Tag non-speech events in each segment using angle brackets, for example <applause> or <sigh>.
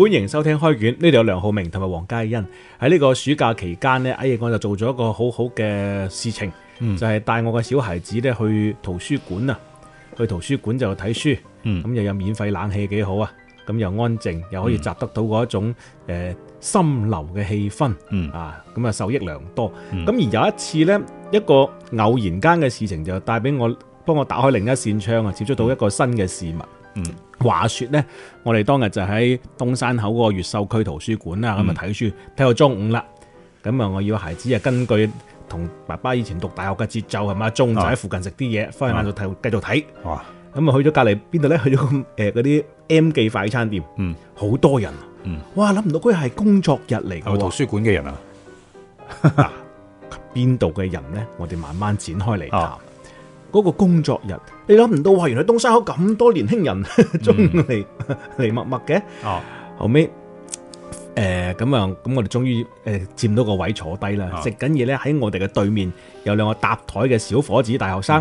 歡迎收聽開卷，呢度有梁浩明同埋黃嘉欣。喺呢個暑假期間呢，哎呀我就做咗一個很好好嘅事情，嗯、就係帶我嘅小孩子呢去圖書館啊，去圖書館就睇書，咁、嗯、又有免費冷氣，幾好啊，咁又安靜，嗯、又可以集得到嗰一種誒、呃、心流嘅氣氛，嗯、啊，咁啊受益良多。咁、嗯、而有一次呢，一個偶然間嘅事情就帶俾我，幫我打開另一扇窗啊，接觸到一個新嘅事物，嗯。話說咧，我哋當日就喺東山口嗰個越秀區圖書館啦，咁啊睇書睇到，嗯、中午啦，咁啊我要孩子啊根據同爸爸以前讀大學嘅節奏係嘛，中午就喺附近食啲嘢，翻，啊、去晏再睇繼續睇。咁啊去咗隔籬邊度咧？去咗誒嗰啲 M 記快餐店，嗯，好多人，嗯、哇諗唔到佢係工作日嚟嘅。係唔係圖書館嘅人啊，邊度嘅人咧？我哋慢慢展開嚟嗰個工作日，你諗唔到話，原來東山口咁多年輕人中嚟嚟默默嘅。哦、嗯，後尾，誒咁啊，咁、呃、我哋終於誒佔到個位坐低啦。食緊嘢咧，喺我哋嘅對面有兩個搭台嘅小伙子，大學生。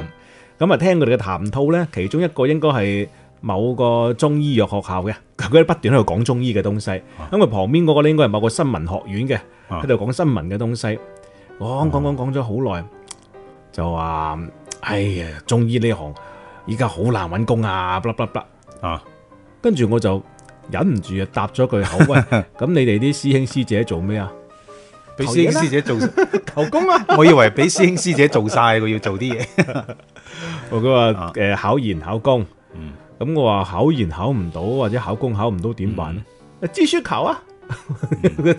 咁啊、嗯，聽佢哋嘅談吐咧，其中一個應該係某個中醫藥學校嘅，佢哋不斷喺度講中醫嘅東西。因為、啊、旁邊嗰個咧應該係某個新聞學院嘅，喺度、啊、講新聞嘅東西。講講講講咗好耐，就話。哎呀，中醫呢行依家好難揾工啊！Ab 啊，跟住我就忍唔住啊，答咗句口喂，咁你哋啲師兄師姐做咩啊？俾師兄師姐做 <laughs> 求工啊？我以為俾師兄師姐做晒佢 <laughs> 要做啲嘢。我佢話誒，考研考工，咁我話考研考唔到或者考工考唔到點辦咧？誒、嗯，知、啊、書求啊！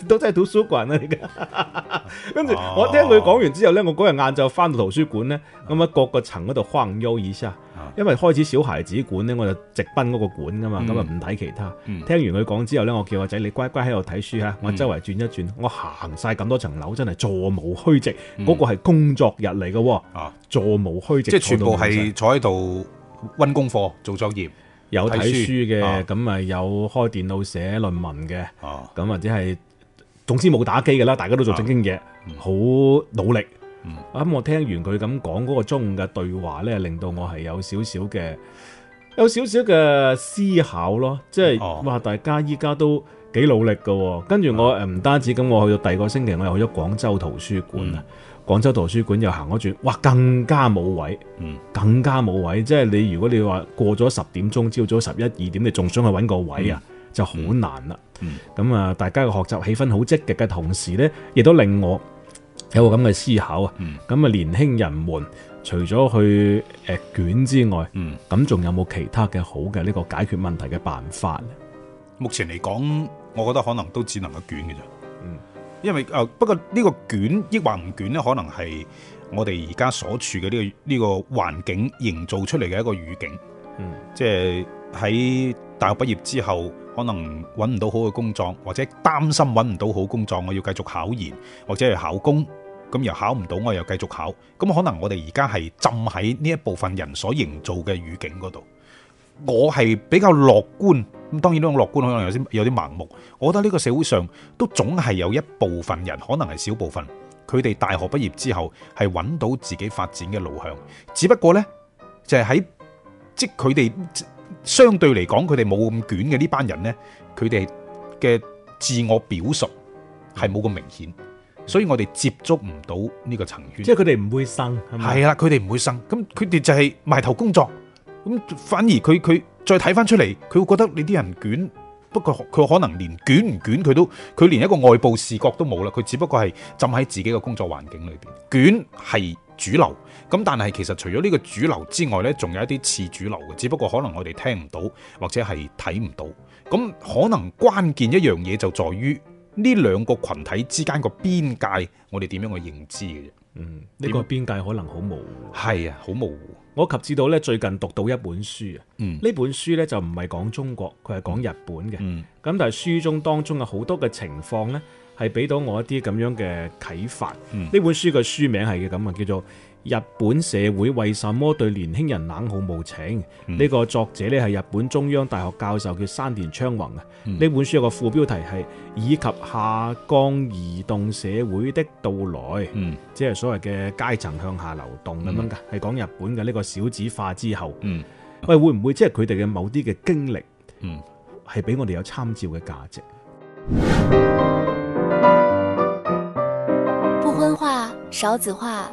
都真係圖書館啊！而家跟住我聽佢講完之後咧，我嗰日晏晝翻到圖書館咧，咁啊各個層嗰度逛悠意思啊。因為開始小孩子館咧，我就直奔嗰個館噶嘛，咁啊唔睇其他。聽完佢講之後咧，我叫個仔，你乖乖喺度睇書啊，我周圍轉一轉，我行晒咁多層樓，真係座無虛席。嗰個係工作日嚟噶，座無虛席。即係全部係坐喺度溫功課、做作業。有睇書嘅，咁啊有開電腦寫論文嘅，咁、啊、或者係總之冇打機嘅啦，大家都做正經嘢，好、啊、努力。咁、嗯、我聽完佢咁講嗰個中午嘅對話呢，令到我係有少少嘅有少少嘅思考咯。即係話大家依家都幾努力㗎喎。跟住我誒唔單止咁，我去到第二個星期我又去咗廣州圖書館啊。嗯廣州圖書館又行咗轉，哇，更加冇位，嗯、更加冇位，即係你如果你話過咗十點鐘，朝早十一二點，你仲想去揾個位啊，嗯、就好難啦。咁啊、嗯，嗯、大家嘅學習氣氛好積極嘅同時呢，亦都令我有個咁嘅思考啊。咁啊、嗯，年輕人們除咗去誒卷之外，咁仲、嗯、有冇其他嘅好嘅呢個解決問題嘅辦法呢？目前嚟講，我覺得可能都只能夠卷嘅啫。嗯。因為誒，不過呢個卷抑或唔卷咧，可能係我哋而家所處嘅呢個呢個環境營造出嚟嘅一個語境。嗯，即係喺大學畢業之後，可能揾唔到好嘅工作，或者擔心揾唔到好工作，我要繼續考研，或者係考公，咁又考唔到，我又繼續考，咁可能我哋而家係浸喺呢一部分人所營造嘅語境嗰度。我係比較樂觀，咁當然呢種樂觀可能有啲有啲盲目。我覺得呢個社會上都總係有一部分人，可能係小部分，佢哋大學畢業之後係揾到自己發展嘅路向。只不過呢，就係喺即佢哋相對嚟講，佢哋冇咁捲嘅呢班人呢，佢哋嘅自我表述係冇咁明顯，所以我哋接觸唔到呢個層圈。即係佢哋唔會生係嘛？係啦，佢哋唔會生，咁佢哋就係埋頭工作。咁反而佢佢再睇翻出嚟，佢會覺得你啲人捲，不過佢可能連捲唔捲佢都，佢連一個外部視覺都冇啦。佢只不過係浸喺自己嘅工作環境裏邊，捲係主流。咁但係其實除咗呢個主流之外呢，仲有一啲次主流嘅，只不過可能我哋聽唔到或者係睇唔到。咁可能關鍵一樣嘢就在於呢兩個群體之間個邊界，我哋點樣去認知嘅？嗯，呢個邊界可能好模糊，係啊，好模糊。我及至到，咧，最近讀到一本書啊，嗯，呢本書咧就唔係講中國，佢係講日本嘅，嗯，咁但係書中當中有好多嘅情況咧，係俾到我一啲咁樣嘅啟發。嗯，呢本書嘅書名係嘅咁啊，叫做。日本社會為什麼對年輕人冷酷無情？呢、嗯、個作者咧係日本中央大學教授叫山田昌弘啊。呢、嗯、本書有個副標題係以及下降移動社會的到來，嗯、即係所謂嘅階層向下流動咁樣噶，係、嗯、講日本嘅呢、這個少子化之後，喂、嗯、會唔會即係佢哋嘅某啲嘅經歷係俾我哋有參照嘅價值？不婚化、少子化。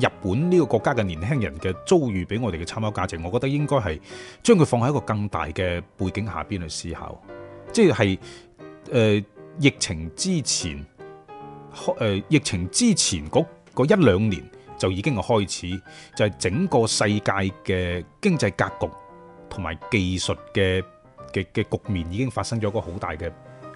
日本呢個國家嘅年輕人嘅遭遇，俾我哋嘅參考價值，我覺得應該係將佢放喺一個更大嘅背景下邊去思考，即係誒、呃、疫情之前，誒、呃、疫情之前嗰一兩年就已經係開始，就係整個世界嘅經濟格局同埋技術嘅嘅嘅局面已經發生咗一個好大嘅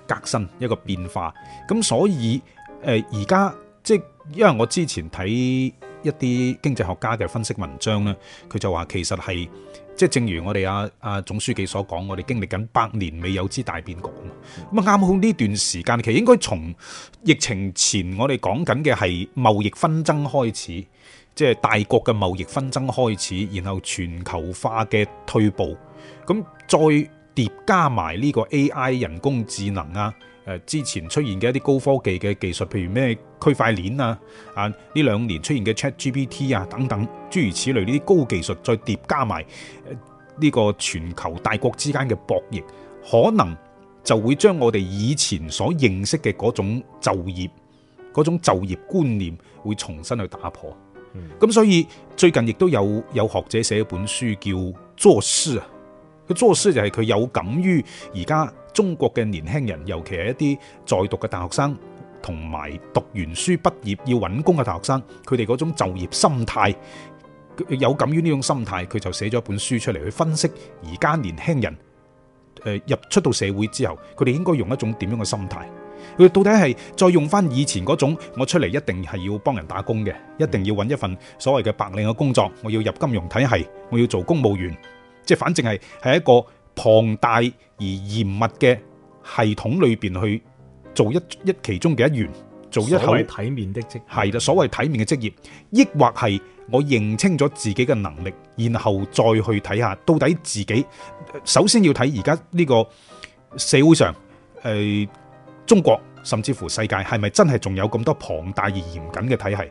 革新，一個變化。咁所以誒，而家，即係因為我之前睇。一啲經濟學家嘅分析文章咧，佢就話其實係即係正如我哋啊阿總書記所講，我哋經歷緊百年未有之大變局。咁啊啱好呢段時間，其實應該從疫情前我哋講緊嘅係貿易紛爭開始，即係大國嘅貿易紛爭開始，然後全球化嘅退步，咁再疊加埋呢個 AI 人工智能啊。誒、呃、之前出現嘅一啲高科技嘅技術，譬如咩區塊鏈啊，啊呢兩年出現嘅 ChatGPT 啊等等，諸如此類呢啲高技術再疊加埋，呢、呃這個全球大國之間嘅博弈，可能就會將我哋以前所認識嘅嗰種就業嗰種就業觀念會重新去打破。咁、嗯、所以最近亦都有有學者寫本書叫《做事》。佢作書就係佢有感於而家中國嘅年輕人，尤其係一啲在讀嘅大學生，同埋讀完書畢業要揾工嘅大學生，佢哋嗰種就業心態，佢有感於呢種心態，佢就寫咗一本書出嚟去分析而家年輕人，誒、呃、入出到社會之後，佢哋應該用一種點樣嘅心態？佢到底係再用翻以前嗰種，我出嚟一定係要幫人打工嘅，一定要揾一份所謂嘅白領嘅工作，我要入金融體系，我要做公務員。即反正係係一個龐大而嚴密嘅系統裏邊去做一一其中嘅一員，做一口體面的職系啦。所謂體面嘅職業，抑或係我認清咗自己嘅能力，然後再去睇下到底自己。首先要睇而家呢個社會上誒、呃，中國甚至乎世界係咪真係仲有咁多龐大而嚴謹嘅體系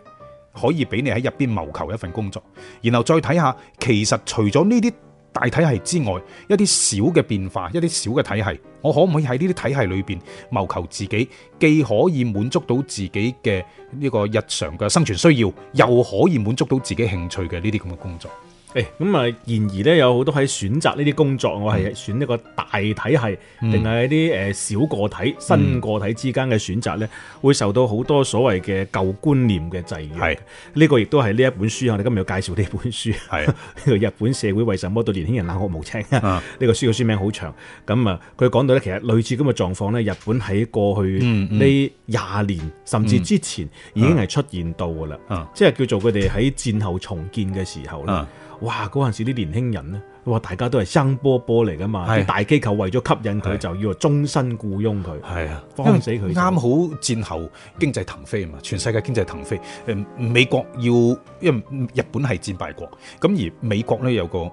可以俾你喺入邊謀求一份工作？然後再睇下，其實除咗呢啲。大體系之外，一啲小嘅變化，一啲小嘅體系，我可唔可以喺呢啲體系裏面，謀求自己，既可以滿足到自己嘅呢個日常嘅生存需要，又可以滿足到自己興趣嘅呢啲咁嘅工作？誒咁啊！然而咧，有好多喺選擇呢啲工作，我係選一個大體系，定係一啲小個體、新個體之間嘅選擇咧，會受到好多所謂嘅舊觀念嘅制約。係呢個亦都係呢一本書，我哋今日要介紹呢本書係啊。日本社會為什麼對年輕人冷酷無情？呢個書嘅書名好長。咁啊，佢講到咧，其實類似咁嘅狀況咧，日本喺過去呢廿年甚至之前已經係出現到噶啦。即係叫做佢哋喺戰後重建嘅時候啦。哇！嗰陣時啲年輕人咧，哇！大家都係生波波嚟噶嘛，啲、啊、大機構為咗吸引佢，啊、就要終身僱傭佢，係啊，幫死佢。啱好戰後經濟騰飛啊嘛，全世界經濟騰飛，誒、呃，美國要因為日本係戰敗國，咁而美國咧有個誒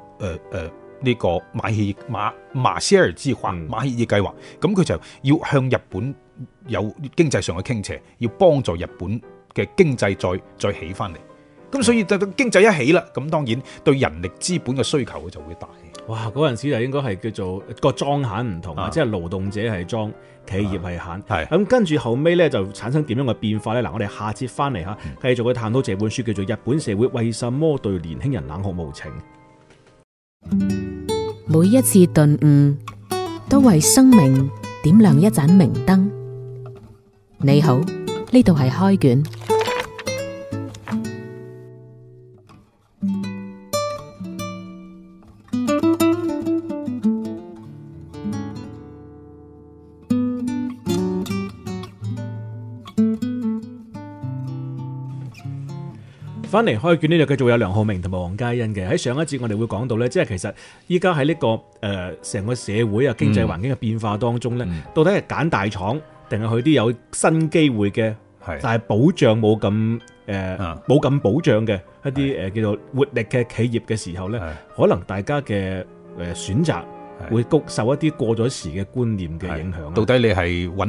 誒呢個馬歇馬馬歇爾之畫馬歇爾計劃，咁佢就要向日本有經濟上嘅傾斜，要幫助日本嘅經濟再再起翻嚟。咁所以就到經濟一起啦，咁當然對人力資本嘅需求就會大。哇！嗰陣時就應該係叫做個莊閒唔同啊，嗯、即係勞動者係莊，企業係閒。係咁、嗯嗯、跟住後尾呢，就產生點樣嘅變化呢？嗱，我哋下次翻嚟吓，繼續去探討這本書叫做《日本社會為什麼對年輕人冷酷無情》。每一次頓悟，都為生命點亮一盞明燈。你好，呢度係開卷。翻嚟開卷呢度，就繼續有梁浩明同埋黃嘉欣嘅。喺上一節我哋會講到咧，即係其實依家喺呢個誒成、呃、個社會啊經濟環境嘅變化當中咧，嗯、到底係揀大廠定係去啲有新機會嘅，是的但係保障冇咁誒冇咁保障嘅一啲誒的、呃、叫做活力嘅企業嘅時候咧，的可能大家嘅誒選擇會受一啲過咗時嘅觀念嘅影響是的。到底你係揾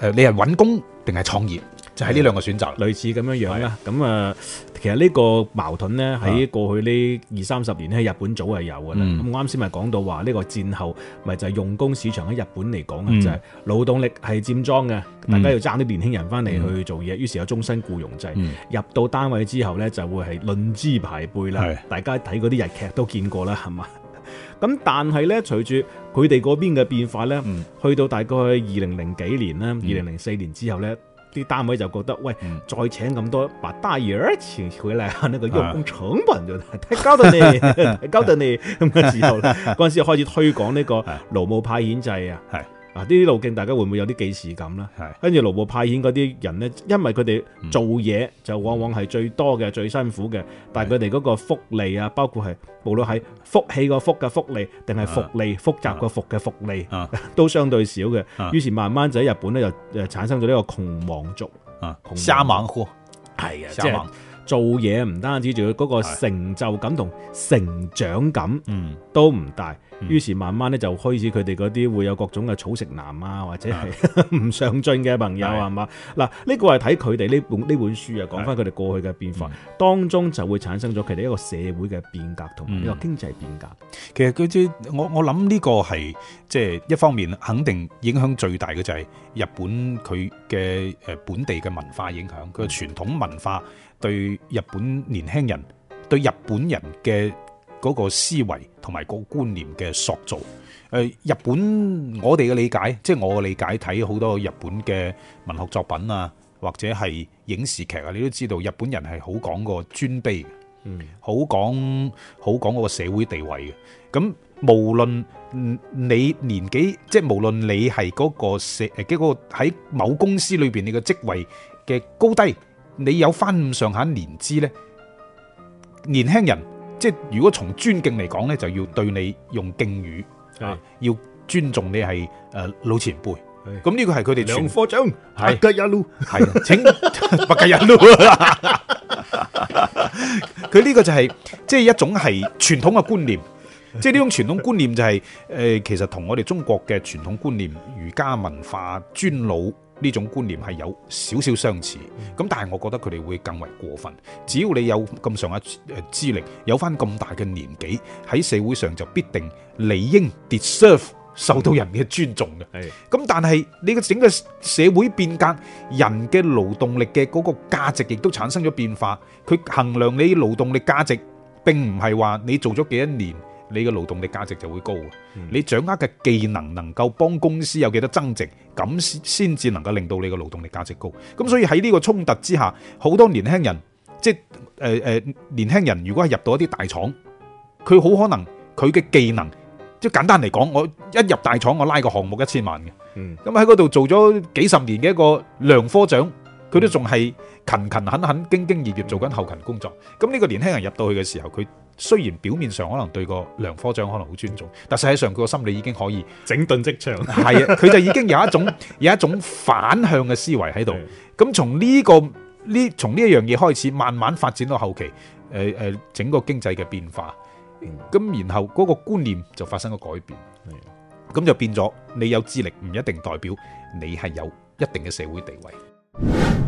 誒你係揾工定係創業？就係呢兩個選擇，類似咁樣樣啦。咁啊，其實呢個矛盾呢，喺過去呢二三十年喺日本早係有嘅啦。咁啱先咪講到話呢個戰後咪就係用工市場喺日本嚟講嘅就係勞動力係佔裝嘅，大家要爭啲年輕人翻嚟去做嘢，於是有終身僱傭制。入到單位之後呢，就會係論資排輩啦。大家睇嗰啲日劇都見過啦，係嘛？咁但係呢，隨住佢哋嗰邊嘅變化呢，去到大概二零零幾年啦，二零零四年之後呢。啲單位就覺得，喂，再請咁多把大爺請回嚟，下呢個用工成本就、啊、太高得呢，太高得呢。咁之後，嗰陣時開始推廣呢個勞務派遣制啊，係啊！呢啲路徑大家會唔會有啲既視感咧？跟住勞務派遣嗰啲人咧，因為佢哋做嘢就往往係最多嘅、最辛苦嘅，是但係佢哋嗰個福利啊，包括係無論係福氣個福嘅福利，定係複利複雜個福嘅福利，都相對少嘅。啊、於是慢慢就喺日本咧，就誒產生咗呢個窮忙族啊，瞎忙貨係啊！做嘢唔單止，仲有嗰個成就感同成長感都唔大。於是，的、嗯、是慢慢咧就開始佢哋嗰啲會有各種嘅草食男啊，或者係唔上進嘅朋友，係嘛嗱？呢、這個係睇佢哋呢本呢本書啊，講翻佢哋過去嘅變化的、嗯、當中，就會產生咗佢哋一個社會嘅變革同埋一個經濟變革。嗯、其實佢知我我諗呢個係即係一方面肯定影響最大嘅就係日本佢嘅誒本地嘅文化影響佢嘅傳統文化。對日本年輕人對日本人嘅嗰個思維同埋個觀念嘅塑造，誒日本我哋嘅理解，即係我嘅理解，睇好多日本嘅文學作品啊，或者係影視劇啊，你都知道日本人係好講個尊卑，嗯，好講好講嗰個社會地位嘅。咁無論你年紀，即係無論你係嗰個社誒幾個喺某公司裏邊你嘅職位嘅高低，你有翻咁上下年資咧，年輕人即係如果從尊敬嚟講咧，就要對你用敬語，的要尊重你係誒老前輩。咁呢個係佢哋兩科長，伯吉一擼，係的的請伯吉一擼。佢呢 <laughs> <laughs> 個就係即係一種係傳統嘅觀念，即係呢種傳統觀念就係、是、誒、呃，其實同我哋中國嘅傳統觀念，儒家文化尊老。呢種觀念係有少少相似咁，但係我覺得佢哋會更為過分。只要你有咁上下誒資歷，有翻咁大嘅年紀喺社會上，就必定理應 deserve 受到人嘅尊重嘅。係。咁但係你嘅整個社會變革，人嘅勞動力嘅嗰個價值亦都產生咗變化。佢衡量你勞動力價值並唔係話你做咗幾多年。你嘅勞動力價值就會高。你掌握嘅技能能夠幫公司有幾多增值，咁先至能夠令到你嘅勞動力價值高。咁所以喺呢個衝突之下，好多年輕人，即係誒誒，年輕人如果係入到一啲大廠，佢好可能佢嘅技能，即係簡單嚟講，我一入大廠，我拉個項目一千萬嘅，嗯，咁喺嗰度做咗幾十年嘅一個梁科長，佢都仲係。嗯勤勤懇懇、兢兢業業做緊後勤工作。咁呢個年輕人入到去嘅時候，佢雖然表面上可能對個梁科長可能好尊重，但實際上佢個心理已經可以整頓職場。係啊，佢就已經有一種 <laughs> 有一種反向嘅思維喺度。咁的從呢、呢個呢，從呢一樣嘢開始，慢慢發展到後期。誒、呃、誒，整個經濟嘅變化，咁、嗯、然後嗰個觀念就發生咗改變。係咁的就變咗你有智力唔一定代表你係有一定嘅社會地位。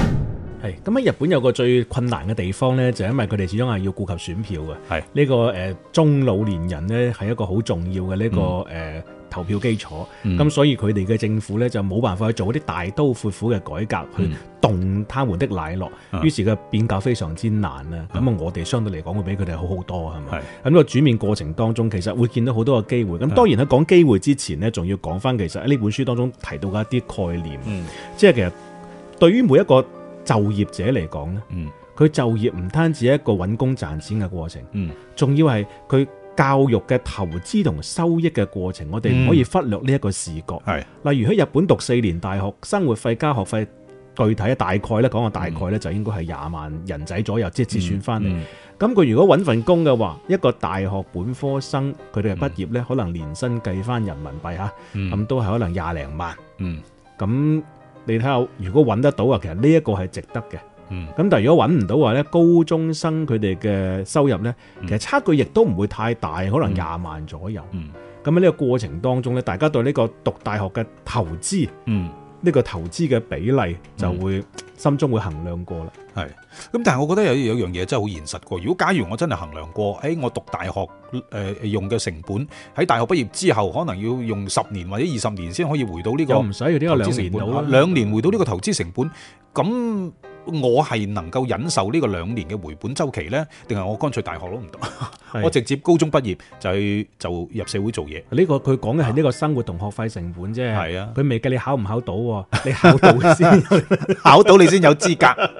係咁喺日本有個最困難嘅地方咧，就係、因為佢哋始終係要顧及選票嘅。係呢是、呢個誒、呃、中老年人咧，係一個好重要嘅呢、呢個誒、嗯呃、投票基礎。咁、嗯、所以佢哋嘅政府咧，就冇辦法去做一啲大刀闊斧嘅改革、嗯、去動他們的奶酪。於、嗯、是嘅變革非常之難啦。咁啊、嗯，我哋相對嚟講會比佢哋好好多係咪？咁是個轉變過程當中，其實會見到好多嘅機會。咁當然喺講機會之前呢，仲要講翻其實喺呢本書當中提到嘅一啲概念。即係、嗯、其實對於每一個。就業者嚟講呢，佢、嗯、就業唔單止係一個揾工賺錢嘅過程，仲、嗯、要係佢教育嘅投資同收益嘅過程。嗯、我哋唔可以忽略呢一個視角。嗯、例如喺日本讀四年大學，生活費加學費具體啊，大概呢講啊，大概呢就應該係廿萬人仔左右，即係折算翻嚟。咁佢、嗯嗯、如果揾份工嘅話，一個大學本科生佢哋畢業呢可能年薪計翻人民幣嚇，咁、嗯啊、都係可能廿零萬嗯。嗯，咁。你睇下，如果揾得到嘅，其實呢一個係值得嘅。咁、嗯、但係如果揾唔到話咧，高中生佢哋嘅收入咧，其實差距亦都唔會太大，可能廿萬左右。咁喺呢個過程當中咧，大家對呢個讀大學嘅投資，呢、嗯、個投資嘅比例就會。心中會衡量過啦，係。咁但係我覺得有有樣嘢真係好現實嘅。如果假如我真係衡量過，呃我讀大學，呃、用嘅成本，喺大學畢業之後可能要用十年或者二十年先可以回到呢個投資成本。我唔使呢個兩年到啦，兩年回到呢個投資成本，咁對 我係能夠忍受呢個兩年嘅回本週期呢？定係我乾脆大學都唔讀？ <laughs> 我直接高中畢業就去就入社會做嘢，呢個佢講嘅係呢個生活同學費成本啫。係啊，佢未計你考唔考到，你考到先考到你先有資格，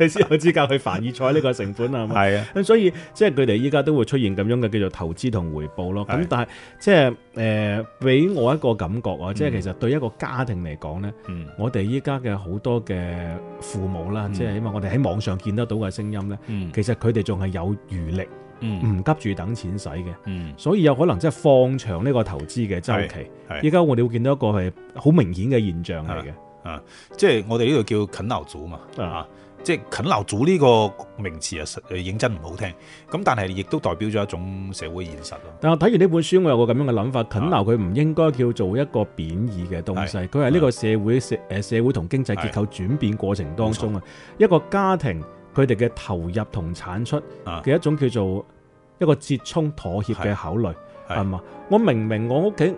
你先有資格去凡爾賽呢個成本係咪？係啊，咁所以即係佢哋依家都會出現咁樣嘅叫做投資同回報咯。咁但係即係誒，俾我一個感覺啊，即係其實對一個家庭嚟講咧，我哋依家嘅好多嘅父母啦，即係起碼我哋喺網上見得到嘅聲音咧，其實佢哋仲係有餘力。唔、嗯、急住等錢使嘅，嗯、所以有可能即係放長呢個投資嘅週期。依家我哋會見到一個係好明顯嘅現象嚟嘅，啊，即係、就是、我哋呢度叫啃老族嘛，啊的，的即係啃老族呢個名詞啊，認真唔好聽。咁但係亦都代表咗一種社會現實咯。但係睇完呢本書，我有個咁樣嘅諗法，啃老佢唔應該叫做一個貶義嘅東西，佢係呢個社會社誒的社會同經濟結構轉變過程當中啊，一個家庭。佢哋嘅投入同產出嘅一種叫做一個折衷妥協嘅考慮係嘛、啊？我明明我屋企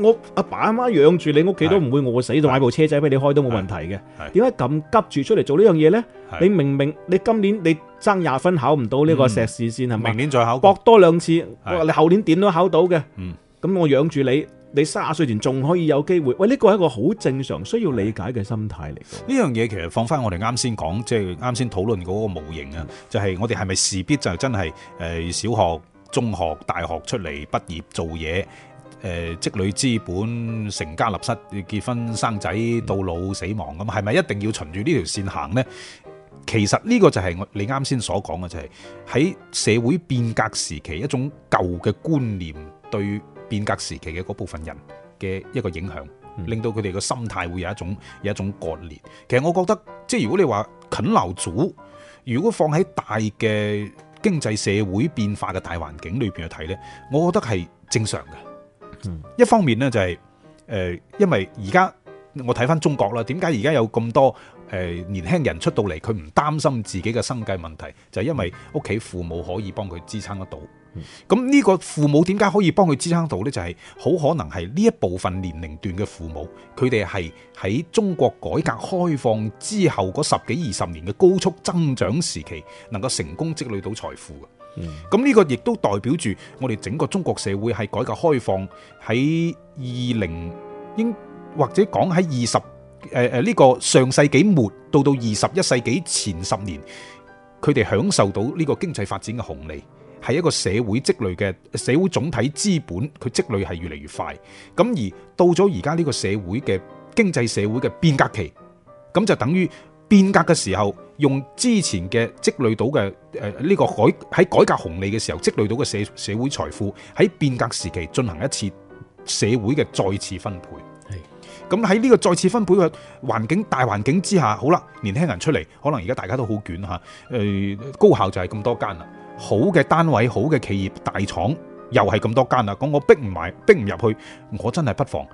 我阿爸阿媽養住你，屋企都唔會餓死，是到買部車仔俾你開都冇問題嘅。點解咁急住出嚟做呢樣嘢咧？是你明明你今年你爭廿分考唔到呢個碩士線係嘛？嗯、吧明年再考過搏多兩次，是你後年點都考到嘅。嗯，咁我養住你。你三十歲前仲可以有機會，喂，呢個係一個好正常、需要理解嘅心態嚟。呢樣嘢其實放翻我哋啱先講，即係啱先討論嗰個模型啊，嗯、就係我哋係咪勢必就真係誒小學、中學、大學出嚟畢業做嘢，誒、呃、積累資本、成家立室、結婚生仔到老死亡咁，係咪一定要循住呢條線行呢？其實呢個就係我你啱先所講嘅、就係，就係喺社會變革時期一種舊嘅觀念對。變革時期嘅嗰部分人嘅一個影響，令到佢哋嘅心態會有一種有一種割裂。其實我覺得，即係如果你話啃老族，如果放喺大嘅經濟社會變化嘅大環境裏邊去睇呢，我覺得係正常嘅。嗯、一方面呢、就是，就係誒，因為而家我睇翻中國啦，點解而家有咁多誒、呃、年輕人出到嚟，佢唔擔心自己嘅生計問題，就係、是、因為屋企父母可以幫佢支撐得到。咁呢個父母點解可以幫佢支撐到呢？就係、是、好可能係呢一部分年齡段嘅父母，佢哋係喺中國改革開放之後嗰十幾二十年嘅高速增長時期，能夠成功積累到財富嘅。咁呢、嗯、個亦都代表住我哋整個中國社會係改革開放喺二零，或者講喺二十，誒誒，呢個上世紀末到到二十一世紀前十年，佢哋享受到呢個經濟發展嘅紅利。係一個社會積累嘅社會總體資本，佢積累係越嚟越快。咁而到咗而家呢個社會嘅經濟社會嘅變革期，咁就等於變革嘅時候，用之前嘅積累到嘅誒呢個改喺改革紅利嘅時候積累到嘅社社會財富，喺變革時期進行一次社會嘅再次分配。係咁喺呢個再次分配嘅環境大環境之下，好啦，年輕人出嚟，可能而家大家都好捲吓，誒、呃，高校就係咁多間啦。好嘅單位、好嘅企業、大廠又係咁多間啦，咁我逼唔埋、逼唔入去，我真係不妨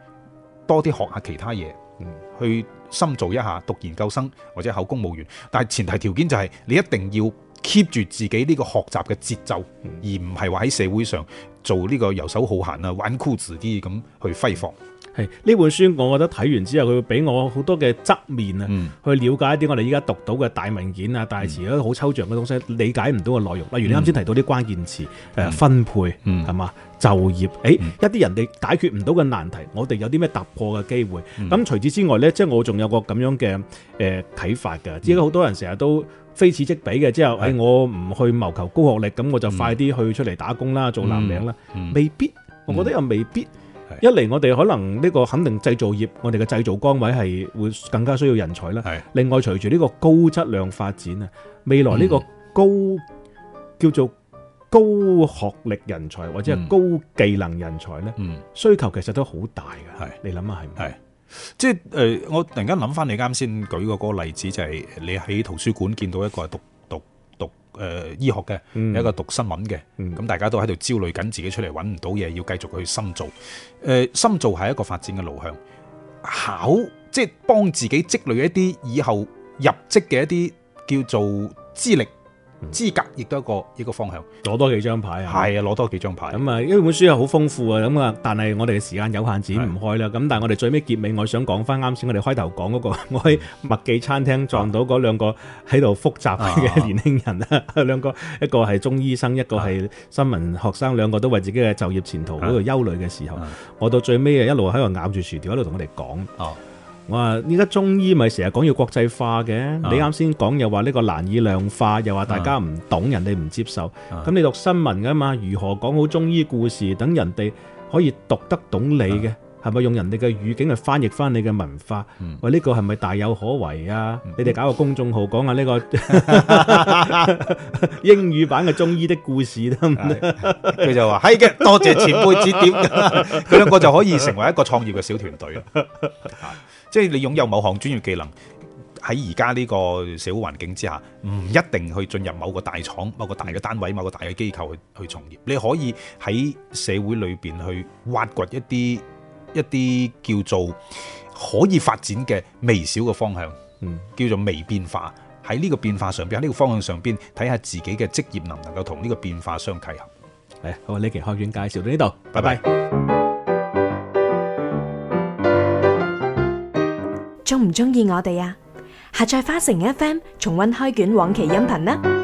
多啲學下其他嘢。嗯、去深造一下，讀研究生或者考公務員，但係前提條件就係、是、你一定要 keep 住自己呢個學習嘅節奏。嗯、而唔係話喺社會上做呢個遊手好閒啊，玩酷自啲咁去揮霍。呢本書我覺得睇完之後，佢會俾我好多嘅側面啊，去了解一啲我哋依家讀到嘅大文件啊、大詞嗰啲好抽象嘅東西，理解唔到嘅內容。例如你啱先提到啲關鍵詞，誒，分配係嘛、就業？誒，一啲人哋解決唔到嘅難題，我哋有啲咩突破嘅機會？咁除此之外呢，即係我仲有個咁樣嘅誒睇法嘅，而家好多人成日都非此即彼嘅，之後誒，我唔去謀求高學歷，咁我就快啲去出嚟打工啦，做藍領啦，未必，我覺得又未必。一嚟，我哋可能呢個肯定製造業我哋嘅製造崗位係會更加需要人才啦。是另外，隨住呢個高質量發展啊，未來呢個高、嗯、叫做高學歷人才或者係高技能人才咧，嗯，需求其實都好大嘅。係是你諗下係唔係，即係誒、呃，我突然間諗翻你啱先舉個嗰個例子，就係、是、你喺圖書館見到一個讀。誒、呃，醫學嘅、嗯、有一個讀新聞嘅，咁、嗯、大家都喺度焦慮緊自己出嚟揾唔到嘢，要繼續去深造。誒、呃，深造係一個發展嘅路向，考即係幫自己積累一啲以後入職嘅一啲叫做資歷。資格亦都一個一個方向，攞多，多幾張牌啊！係啊的，攞多，多幾張牌咁啊！呢本書又好豐富啊！咁啊，但係我哋嘅時間有限，展唔開啦。咁的但係我哋最尾結尾，我想講翻啱先，我哋開頭講嗰個，的我喺麥記餐廳撞到嗰兩個喺度複雜嘅年輕人啦，的 <laughs> 兩個一個係中醫生，一個係新聞學生，的兩個都為自己嘅就業前途喺度憂慮嘅時候，的我到最尾啊一路喺度咬住薯條，一路同我哋講。我話依家中醫咪成日講要國際化嘅，啊、你啱先講又話呢個難以量化，又話大家唔懂、啊、人哋唔接受，咁、啊、你讀新聞㗎嘛？如何講好中醫故事，等人哋可以讀得懂你嘅？係咪、啊、用人哋嘅語境去翻譯翻你嘅文化？喂、嗯，呢個係咪大有可為啊？嗯、你哋搞個公眾號講下呢個、嗯、 <laughs> 英語版嘅中醫的故事啦！佢、哎、就話：係嘅， <laughs> 多謝前輩指點，佢 <laughs> 兩個就可以成為一個創業嘅小團隊啦。即係你擁有某項專業技能，喺而家呢個社會環境之下，唔一定去進入某個大廠、某個大嘅單位、某個大嘅機構去從業。你可以喺社會裏邊去挖掘一啲一啲叫做可以發展嘅微小嘅方向，嗯，叫做微變化。喺呢個變化上邊，喺呢個方向上邊，睇下自己嘅職業能唔能夠同呢個變化相契合。好，我哋呢期開源介紹到呢度，拜拜。拜拜。鍾唔鍾意我哋啊？下載花城 FM 重溫開卷往期音頻啦！